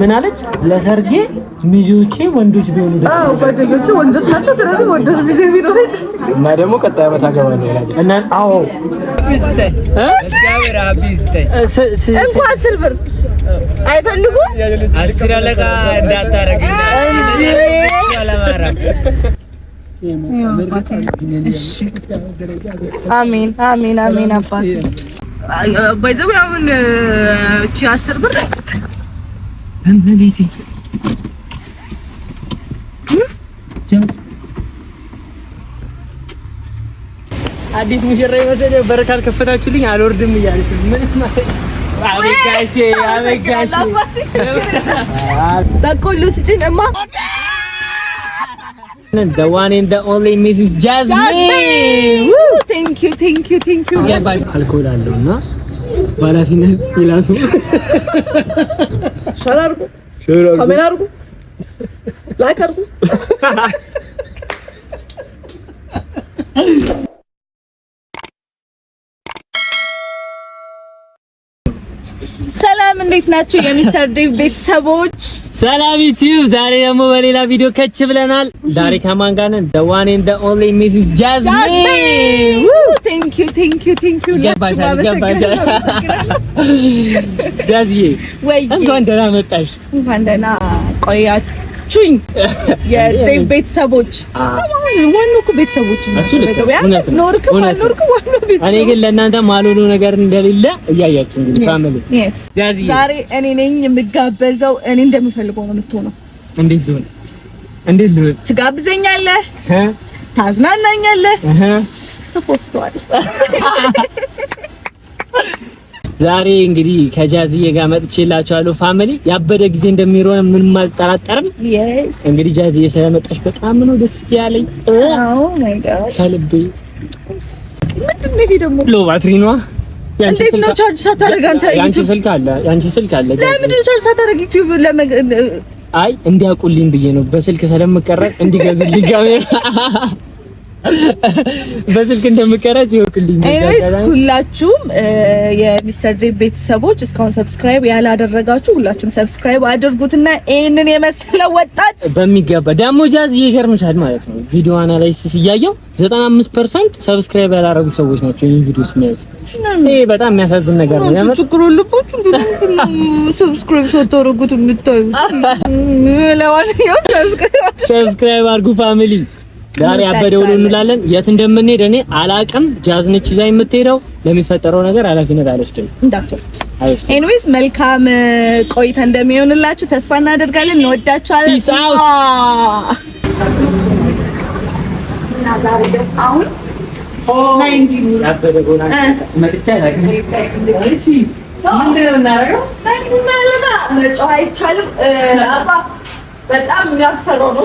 ምን አለች? ለሰርጌ ሚዜዎቼ ወንዶች ቢሆኑ ደስ ይላል። ጓደኞቼ ወንዶች ናቸው። ስለዚህ ወንዶች ሚዜ ቢሆኑ ደስ ይላል። እና ደግሞ ቀጣይ ዓመት አገባለሁ እና አዎ እንኳን ስልብር አይፈልጉም። አስር አለቃ እንዳታረግ አሜን አሜን አሜን አባት ባይዘው አሁን እቺ አስር ብር እመቤቴ አዲስ ሙሽራ የመሰለ በር ካልከፈታችሁልኝ አልወርድም እያለች ምንም አበጋሽ አበጋሽ በቆሎ ስጭን እማ The one and the only Mrs. Jasmine. Woo! Thank you, thank you, thank you. አልኮል አለውና ባላፊነት ይላሱ ሸር አድርጉ፣ ኮሜንት አድርጉ፣ ላይክ አድርጉ። እንዴት ናችሁ? የሚስተር ዴቭ ቤተሰቦች ሰላም ዩቲዩብ። ዛሬ ደግሞ በሌላ ቪዲዮ ከች ብለናል። ዛሬ ከማን ጋር ነን? ዘ ዋን ኤንድ ኦንሊ ሚሲስ ጃዝሚን። ቴንክ ዩ ቴንክ ዩ ቴንክ ዩ። ጃዝዬ እንኳን ደህና መጣሽ። እንኳን ደህና ቆያችሁ ናችሁኝ የዴቭ ቤተሰቦች። ዋናው እኮ ቤተሰቦች ኖርክም አልኖርክም ዋናው ቤተሰቦች። እኔ ግን ለእናንተ ማልሆነው ነገር እንደሌለ እያያችሁ እንግዲህ ዛሬ እኔ ነኝ የምጋበዘው። እኔ እንደምፈልገው ነው የምትሆነው። እንዴት ልሆን እንዴት ልሆን? ትጋብዘኛለህ፣ ታዝናናኛለህ፣ ተኮስተዋል ዛሬ እንግዲህ ከጃዝዬ ጋር መጥቼላችኋለሁ። ፋሚሊ ያበደ ጊዜ እንደሚሮነ ምንም አልጠራጠርም። እንግዲህ ጃዝዬ ስለመጣሽ በጣም ነው ደስ ያለኝ። ኦ ማይ ጋድ ከልቤ ምንድን ነው ይሄ ደግሞ ሎ ባትሪ ነዋ። ያንቺ ስልክ አለ ያንቺ ስልክ አለ። ለምንድን ነው ቻርጅ ሳታደርግ ዩቲዩብ ለመ አይ እንዲያውቁልኝ ብዬ ነው በስልክ ስለምቀረጥ እንዲገዙልኝ ካሜራ በስልክ እንደምቀረጽ ይወቅልኝ። ኤኒዌይስ ሁላችሁም የሚስተር ድሪም ቤተሰቦች እስካሁን ሰብስክራይብ ያላደረጋችሁ ሁላችሁም ሰብስክራይብ አድርጉትና ይሄንን የመሰለ ወጣት በሚገባ ደግሞ ጃዝ ይገርምሻል ማለት ነው። ቪዲዮ አናላይሲስ እያየው 95% ሰብስክራይብ ያላደረጉ ሰዎች ናቸው ይሄን ቪዲዮ ሲያዩት። ይሄ በጣም የሚያሳዝን ነገር ነው። ያመጡ ችግር ሁሉባችሁ ሰብስክራይብ ሳታደርጉት የምታዩት ለዋን ሰብስክራይብ አድርጉ ፋሚሊ ዛሬ አበደውን እንላለን። የት እንደምንሄድ እኔ አላቅም። ጃዝነች ይዛ የምትሄደው ለሚፈጠረው ነገር ኃላፊነት አልወስድም፣ እንዳትወስድ። ኤኒዌይስ መልካም uh, ቆይታ እንደሚሆንላችሁ ተስፋ እናደርጋለን። እንወዳችኋለን። ፒስ አውት። በጣም የሚያስፈራው ነው።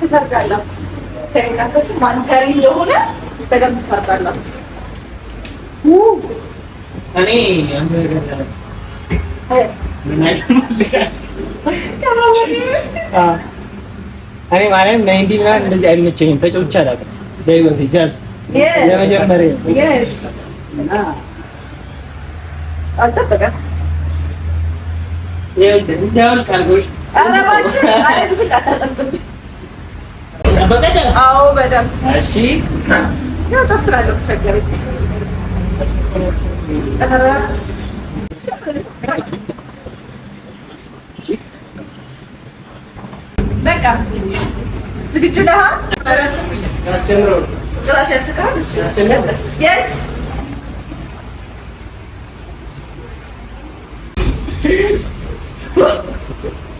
ትፈርዳላችሁ። ከእናንተስ ማን ከሪ እንደሆነ በደምብ ትፈርዳላችሁ። እኔ እኔ ማለት ናይንቲ ምናምን እንደዚህ አይመቸኝም። ተጫውቼ አላውቅም በህይወቴ ጃዝ ለመጀመሪያ ነው። Ada apa lagi? Ada yang suka. Ya, tak pernah ya. Ada. Beka. Segitu dah? Jelas ya sekarang. Yes.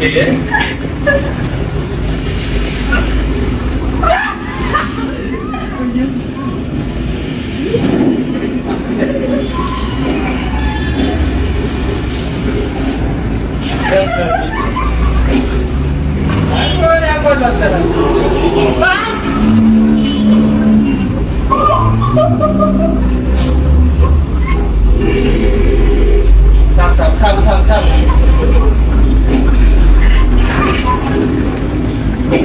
예. 상, 상, 상, 상, 상. I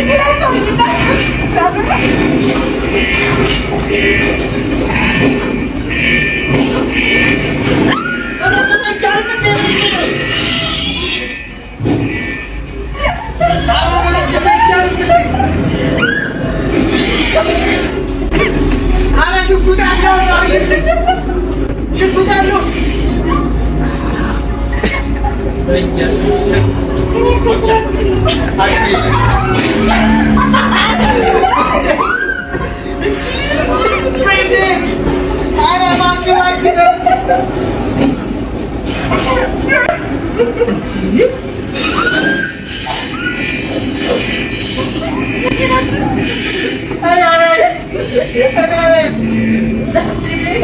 didn't get something. Sabe?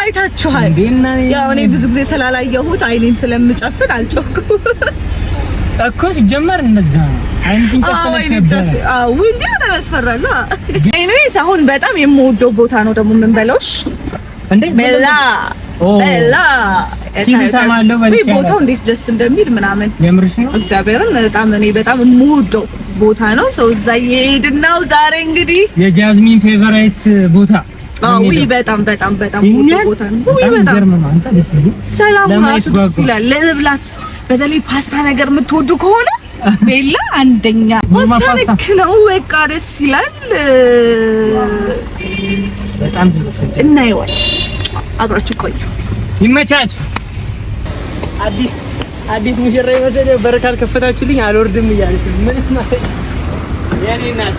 አይታችኋል። ያው እኔ ብዙ ጊዜ ስላላየሁት አይኔን ስለምጨፍን አልጮኩም እኮ ሲጀመር እንደዛ በጣም አሁን በጣም የምወደው ቦታ ነው ደግሞ ምን በለውሽ እንዴ በላ ቦታው እንዴት ደስ እንደሚል ምናምን እግዚአብሔርን በጣም እኔ በጣም የምወደው ቦታ ነው። ሰው እዛ እየሄድን ነው ዛሬ እንግዲህ የጃዝሚን ፌቨራይት ቦታ ውይ በጣም በጣም በጣም ይላል። ለመብላት በተለይ ፓስታ ነገር የምትወዱ ከሆነ ቤላ አንደኛ ፓስታ ልክ ነው። በቃ ደስ ይላል። በጣም እናየዋለን። አብራችሁ ቆዩ። ይመቻችሁ። አዲስ አዲስ ሙሽራ ይመስል በር ካልከፈታችሁልኝ አልወርድም እያለች ምን ማለት የኔ ናት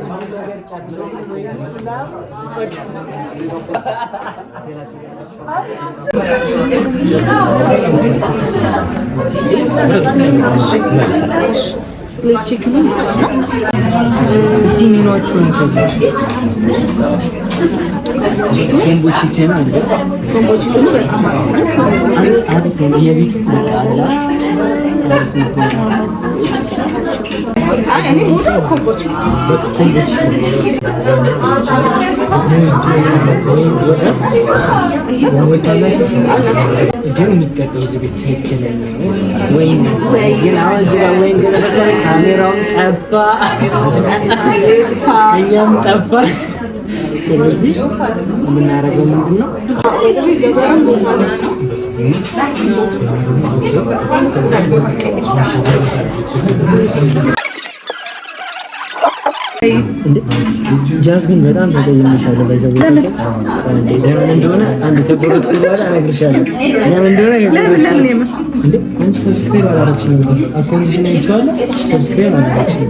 Burası çekimi mi? Steam'ini açıyorum sadece. Combo chicken aldı. Combo chicken mi? Abi, abi, abi, abi, abi, abi, abi, abi, ግን የሚቀጠው እዚህ ቤት ትክክለኛ ወይ ግን አሁን እዚህ ጋር ወይ እንደተፈጠረ ካሜራውን ጠፋ፣ እኛም ጠፋ። ስለዚህ የምናደርገው ምንድን ነው? ነው ጃዝ ግን በጣም ተቀይሜሻለሁ። በዛው ለምን እንደሆነ አንድ ተቆረጥ በኋላ እነግርሻለሁ። ለምን እንደሆነ አንቺ ሰብስክራይብ አላደረግሽም? አካውንትሽን አይቼዋለሁ። ሰብስክራይብ አላደረግሽም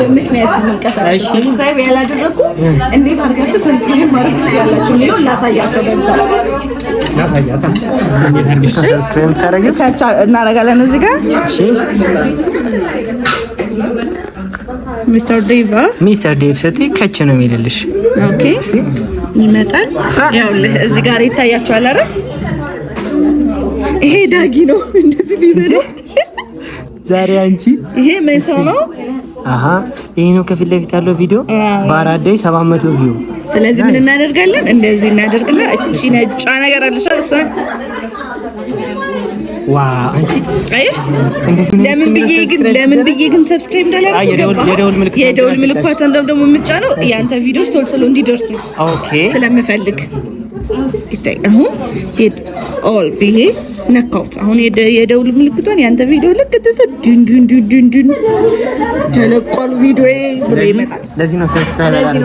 በምክንያት እንዴት አድርጋችሁ ሰብስክራይብ ማድረግ ላሳያቸው። በዛ እናደርጋለን እዚህ ጋር ሚስተር ዴቭ ሚስተር ዴቭ ሰቲ ከች ነው የሚልልሽ። ኦኬ ይመጣል። ያው እዚህ ጋር ይታያችኋል አይደል? ይሄ ዳጊ ነው እንደዚህ ቢበለው ዛሬ አንቺ ይሄ መሳ ነው። አሀ ይሄ ነው ከፊት ለፊት ያለው ቪዲዮ በአራት ደቂቃ ሰባት ቪው። ስለዚህ ምን እናደርጋለን? እንደዚህ እናደርግና እቺ ነጯ ነገር አለሽ እሷን ዋ አንቺ እንደዚህ ለምን ብዬ ግን ለምን ብዬ ግን ሰብስክራይብ እንዳላደረኩ የደውል የደውል ምልክት ምልክት ምልክቷን ደግሞ የምጫነው የአንተ ቪዲዮስ ቶሎ ቶሎ ኦኬ ስለምፈልግ ጉዳይ አሁን ኦል ብዬ ነካሁት። አሁን የደውል ምልክቷን ያንተ ቪዲዮ ልክ ድን ድን ተለቋል ቪዲዮ ብሎ ይመጣል። ለዚህ ነው ሰብስክራይብ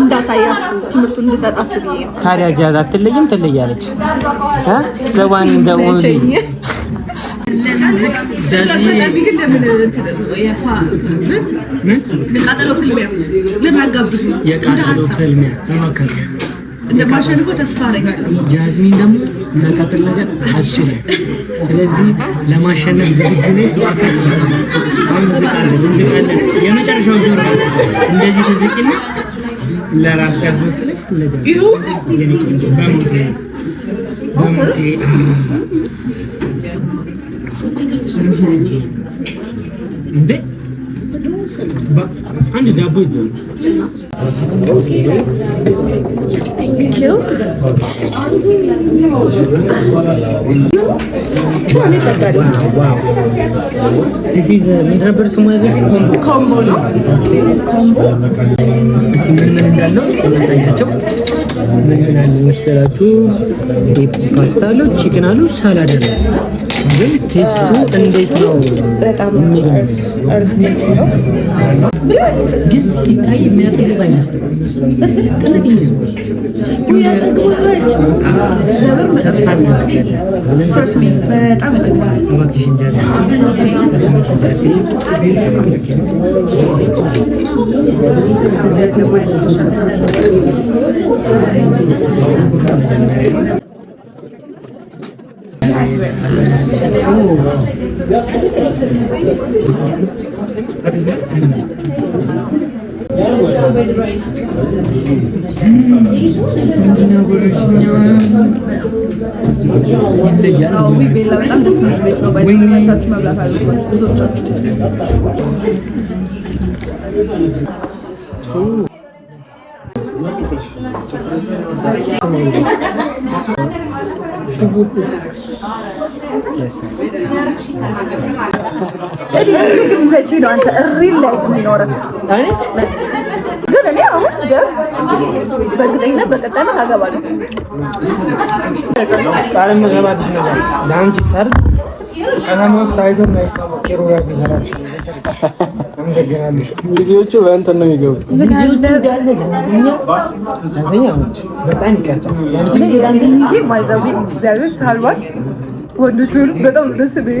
እንዳሳያችሁ ትምህርቱን እንድሰጣችሁ ብዬ ነው። ታዲያ ጃዝ አትለይም ትለያለች። ገባን ገባን የቃጠሎ ፍልሚያ ለማሸንፎ ተስፋ አደርጋለሁ። ጃዝሚን ደግሞ መቀጥል ነገር አትችልም። ስለዚህ ለማሸነፍ ዝግጁ ነኝ። አሁን እንዝቃለን እንዝቃለን። የመጨረሻው ዞር እንደዚህ ትዝቂና ለራስ ያስመስለኝ እንደ አንድ ዳቦ ይጎል ነበር ስሙ ኮምቦ ነው። ምን ምን እንዳለው እናሳያቸው። ምን ምን አለ መሰላችሁ? ፓስታ አለው፣ ቺክን አለው፣ ሳላድ አለው። ግን ቴስቱ እንዴት ነው? በጣም አሪፍ ነው። ግዝ ይታይ የሚያጠግብ አይመስልም። ቅንብኝ ነው ያጠግባል። ዘበር ተስፋ በጣም ቤላ በጣም ደስ የሚል ቤት ነው። መታችሁ መብላት አለባችሁ ብዙዎቻችሁ። እሪል ላይ የሚኖረው ግን እኔ አሁን ደስ በእርግጠኝነት በቀጣይነት አገባለሁ። ቃል ምገባ ነገር ለአንቺ ሰርግ ከተማ ውስጥ ታይቶ የማይታወቅ ሮጋት ይሰራል። ጊዜዎቹ በእንትን ነው የሚገቡ በጣም ይቀርጫል። ወንዶች ቢሆኑ በጣም ደስ ብዬ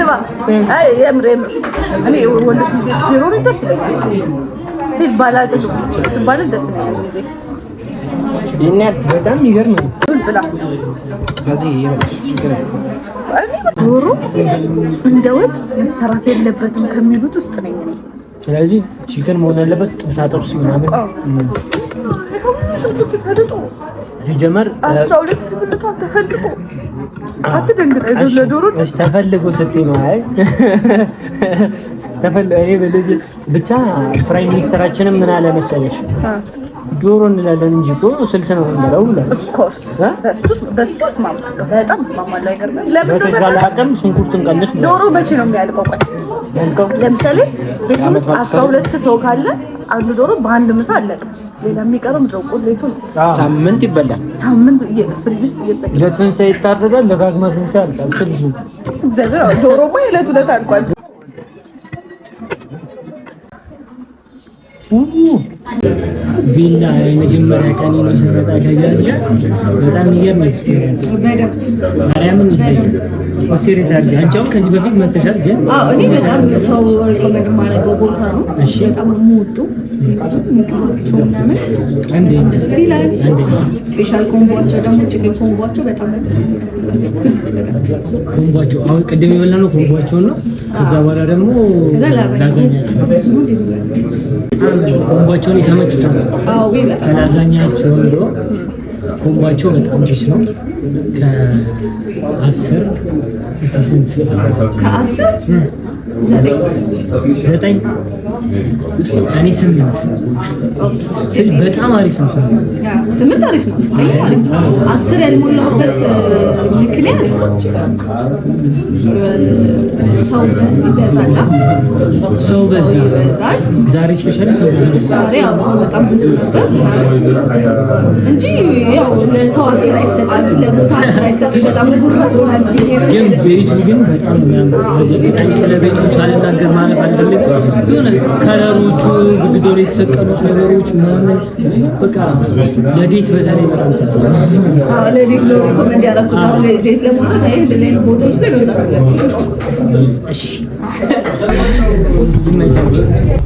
ስማ፣ የምር የምር እኔ ወንዶች ሚዜ ሲኖሩ ደስ ይለኛል። ሴት ባላጭ ትባል ደስ ይለኛል ሚዜ ይህን ያህል በጣም ይገርም ብላ ዶሮ እንደ ወጥ መሰራት የለበትም ከሚሉት ውስጥ ነኝ። ስለዚህ ቺክን መሆን ያለበት ጥብሳ ጥብስ ምናምን ሲጀመር አስራ ሁለት ብልቷ ተፈልጎ አትደንግጥ። አይዞህ ለዶሮ ተፈልጎ ስትይ ነው። አይ ተፈልጎ ብቻ ፕራይም ምን አለ መሰለሽ ዶሮ እንላለን እንጂ እኮ ስልስ ነው የምንበላው ብለህ በጣም እስማማለሁ። አይገርምም? በተቻለ አቅም ሽንኩርትን ቀንስ። ዶሮ መቼ ነው የሚያልቀው? ለምሳሌ ቤት ውስጥ አስራ ሁለት ሰው ካለ አንዱ ዶሮ በአንድ ምሳ አለቀ። ሌላ የሚቀረው ምድረ ነው። ሳምንት ይበላል። ሳምንት ፍሪጅ ውስጥ እየጠቀ ለትንሳኤ ይታረዳል። ለዳግማ ትንሳኤ ያልቃል። ስልሱ ዶሮማ የዕለት ሁለት አልቋል። ቪላ የመጀመሪያ ቀን ነው ስመጣ ከጋዝ በጣም የሚገርም ኤክስፒሪየንስ ማርያምን ይለያል። ኦሴሬት አድርገህ አንቺ ከዚህ በፊት መተሻል ግን እኔ በጣም ሰው ሪኮመንድ ማድረገው ቦታ ነው። በጣም የምወደው መቀመጫቸው ምናምን ደስ ይላል። ስፔሻል ኮምቧቸው ደግሞ ችግር ኮምቧቸው በጣም ደስ ኮምቧቸው አሁን ቅድም የበላነው ኮምቧቸው ነው። ከዛ በኋላ ደግሞ ኮምቧቸውን የተመቹታል ከላዛኛቸውን ብሎ ኮምቧቸው በጣም ዲሽ ነው ከአስር ከአስር ዘጠኝ እኔ ስምንት ስል በጣም አሪፍ ነው። ስምንት አሪፍ ነው። ዘጠኝ አሪፍ ነው። አስር ያልሞላሁበት ምክንያት ሰው በዚህ ይበዛል። ሰው በዚህ ይበዛል። ዛሬ ስፔሻሊ ሰው በጣም ብዙ ነበር እንጂ ያው ለሰው አስር አይሰጥም፣ ለቦታ አስር አይሰጥም። በጣም ጉራ ሆናል። ግን ቤቱ ግን በጣም ስለ ስለቤቱ ሳልናገር ማለፍ አልፈልግም ከለሮቹ ግድግዳው ላይ የተሰቀሉት ነገሮች ምናምን በቃ ለዴት በተለይ በጣም ሰ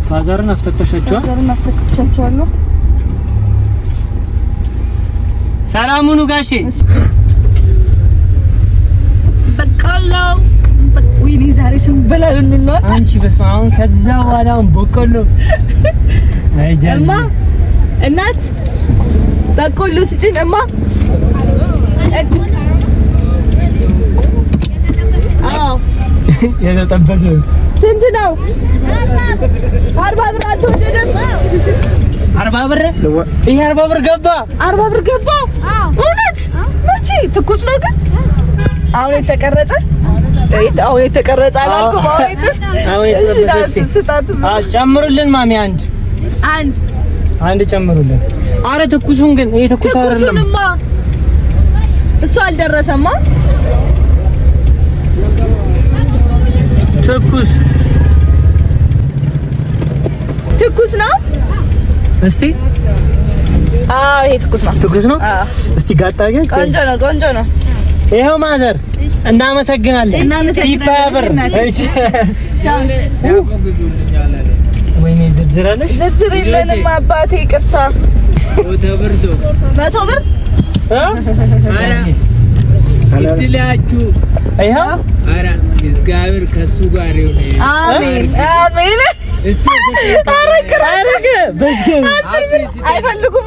ፋዘርን አስፈተሻቸዋል። ሰላሙኑ ጋሼ በቃላው በቃ ወይኔ ዛሬ ስንበላ ልንሏል። አንቺ በስመ አብ። ከዛ በኋላ አሁን በቆሎ እማ እናት በቆሎ ስጭን እማ የተጠበሰ ስንት ነው? አርባ ብር አልተወደደም። አርባ ብር ይሄ አርባ ብር ገባ፣ አርባ ብር ገባ። እውነት መቼ ትኩስ ነው ግን አሁን የተቀረጸ አሁን የተቀረጸ አላልኩም። ጨምሩልን ማሚ፣ አንድ አንድ አንድ ጨምሩልን። አረ ትኩሱን ግን ይሄ ትኩስ አይደለም። እሱ አልደረሰማ ትኩስ ትኩስ ነው። እስቲ አዎ፣ ይሄ ትኩስ ነው። ትኩስ ነው። እስቲ ጋጣ። ቆንጆ ነው፣ ቆንጆ ነው። ይሄው ማዘር እናመሰግናለን። ዝርዝር የለንም አባቴ፣ ይቅርታ። መቶ ብር እድላችሁ ኧረ እግዚአብሔር ከእሱ ጋር አይፈልጉም። አስር ብር አይፈልጉም።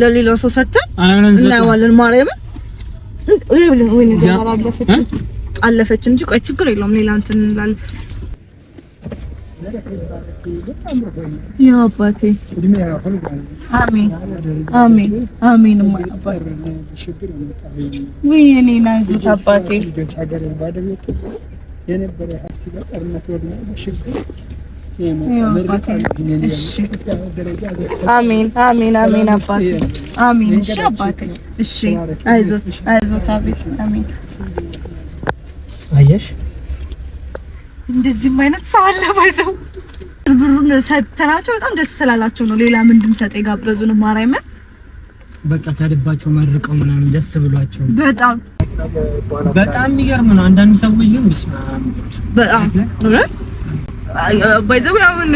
ለሌላ ሰው ሰጥተን እናየዋለን። ማርያምን አለፈች እንጂ ቆይ ችግር የለውም። ሌላ እንትን እንላለን። አባቴ አሜን አሜን አሜን። የኔ ናይዞት አባቴ አሜን አሜን አሜን አባቴ አሜን። እሺ አባቴ እሺ፣ አይዞት አይዞት። አቤት አሜን። አየሽ እንደዚህም አይነት ሰው አለ። ባይዘው ብሩን ሰተናቸው በጣም ደስ ስላላቸው ነው። ሌላ ምን እንድንሰጥ የጋበዙን ማርያምን በቃ ከልባቸው መርቀው ምናምን ደስ ብሏቸው በጣም በጣም የሚገርም ነው። አንዳንድ ሰዎች ግን በጣም ባይዘው አሁን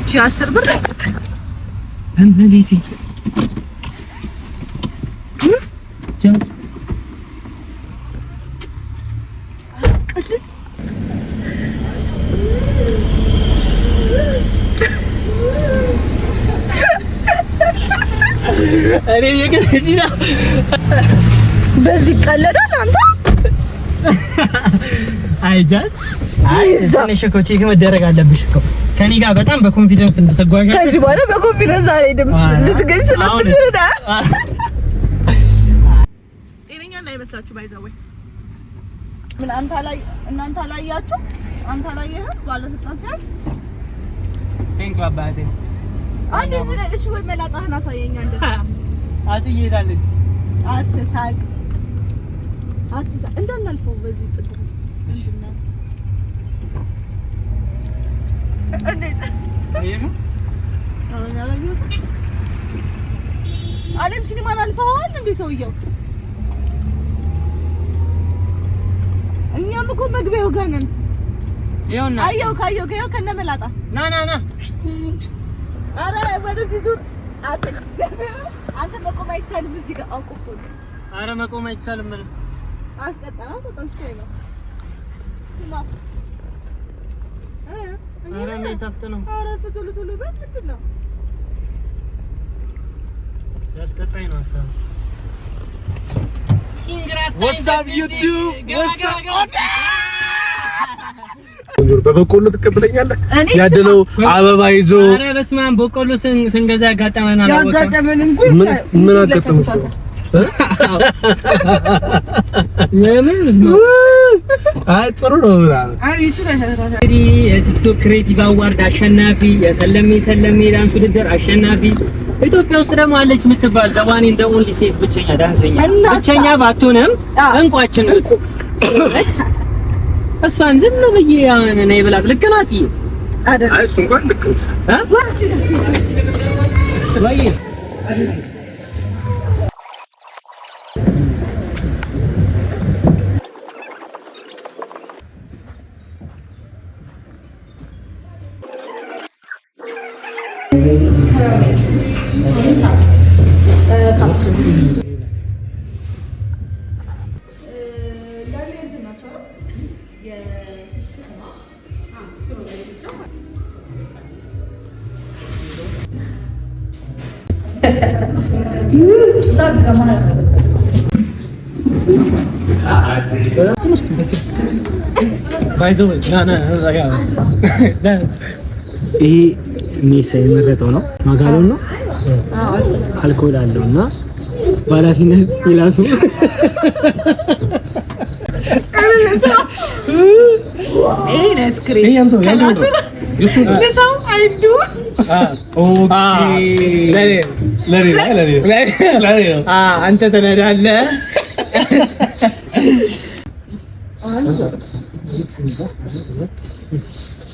እቺ አስር ብር እንዴት እኔ በዚህ ቀለዳል አንተ አይ ጃስት አይ ትንሽ እኮ ቼክ መደረግ አለብሽ እኮ ከኔ ጋር በጣም በኮንፊደንስ እንድትጓዣ ከዚህ በኋላ በኮንፊደንስ አልሄድም እንድትገኝ ስለምትችል ና ጤነኛ እና ይመስላችሁ ባይዛ ምን አንተ ላይ እናንተ ላይ ያችሁ አንተ ላይ ይሄ ባለስልጣን ሲያል ቴንክ አባቴ አንዴ ዝለ እሺ ወይ መላጣህን አሳየኛ እንደ አጽዬ ሄዳለች አትሳቅ አትሳቅ እንዳናልፈው በዚህ ጥቁር እሺ አለም ሲኒማን አልፈዋል እንዴ ሰውየው? እኛም እኮ መግቢያው ጋር ነን። አየሁ ካየሁ ከየው ከነ መላጣ ና ና ና። ኧረ ወደዚህ ዙር። አንተ መቆም አይቻልም እዚህ ጋር አውቆ እኮ ነው። ኧረ መቆም አይቻልም። ምን አስቀጠና ተጠንቶ ነው ስማ ኧረ በበቆሎ ትቀበለኛለህ? ያደለው አበባ ይዞ ኧረ በስመ አብ በቆሎ ስንገዛ ያጋጠመን ምን አጋጠመን? አይ ጥሩ ነው። እንግዲህ የቲክቶክ ክሬቲቭ አዋርድ አሸናፊ፣ የሰለሜ ሰለሜ ዳንስ ውድድር አሸናፊ ኢትዮጵያ ውስጥ ደግሞ አለች የምትባል ዘዋኔ እንደ ኦንሊ ሴት ብቸኛ ዳንሰኛ ብቸኛ ባትሆንም እንቋችን እሷን ዝም ብዬ ነይ ብላት ልክ ናት። እንኳን ልክ ይሄ ሜሳ የመረጠው ነው። ማጋሎን ነው፣ አልኮል አለው እና በኃላፊነት ይላሱ አንተ ተነዳለህ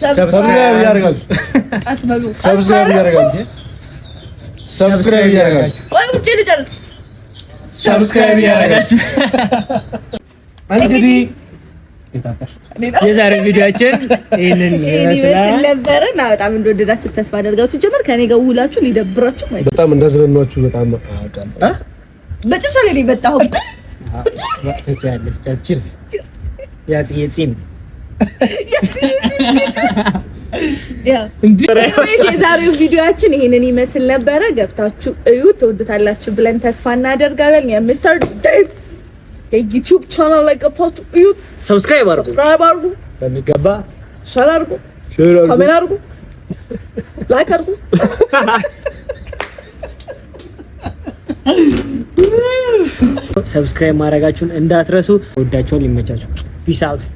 ሰብስክራይብ እያደረጋችሁ ሰብስክራይብ እያደረጋችሁ ሰብስክራይብ እያደረጋችሁ ሰብስክራይብ እያደረጋችሁ እንግዲህ የዛሬ ቪዲዮአችን ይሄንን ይመስላል እና በጣም እንደወደዳችሁ ተስፋ አደርጋለሁ። ሲጀመር ከኔ ጋር ውላችሁ ሊደብራችሁ ማለት በጣም እንዳዝናናችሁ በጣም በጭርሻ ላይ ነው የመጣሁት። የአፄ ጺም የዛሬው ቪዲዮችን ይህንን ይመስል ነበረ። ገብታችሁ እዩ፣ ትወዱታላችሁ ብለን ተስፋ እናደርጋለን። የሚስተር ዴቭ የዩቲዩብ ቻናል ላይ ገብታችሁ እዩት፣ ሰብስክራይብ አድርጉ፣ በሚገባ ሸር አድርጉ፣ ኮሜንት አድርጉ፣ ላይክ አድርጉ። ሰብስክራይብ ማድረጋችሁን እንዳትረሱ። ወዳችኋል። ይመቻችሁ። Peace out.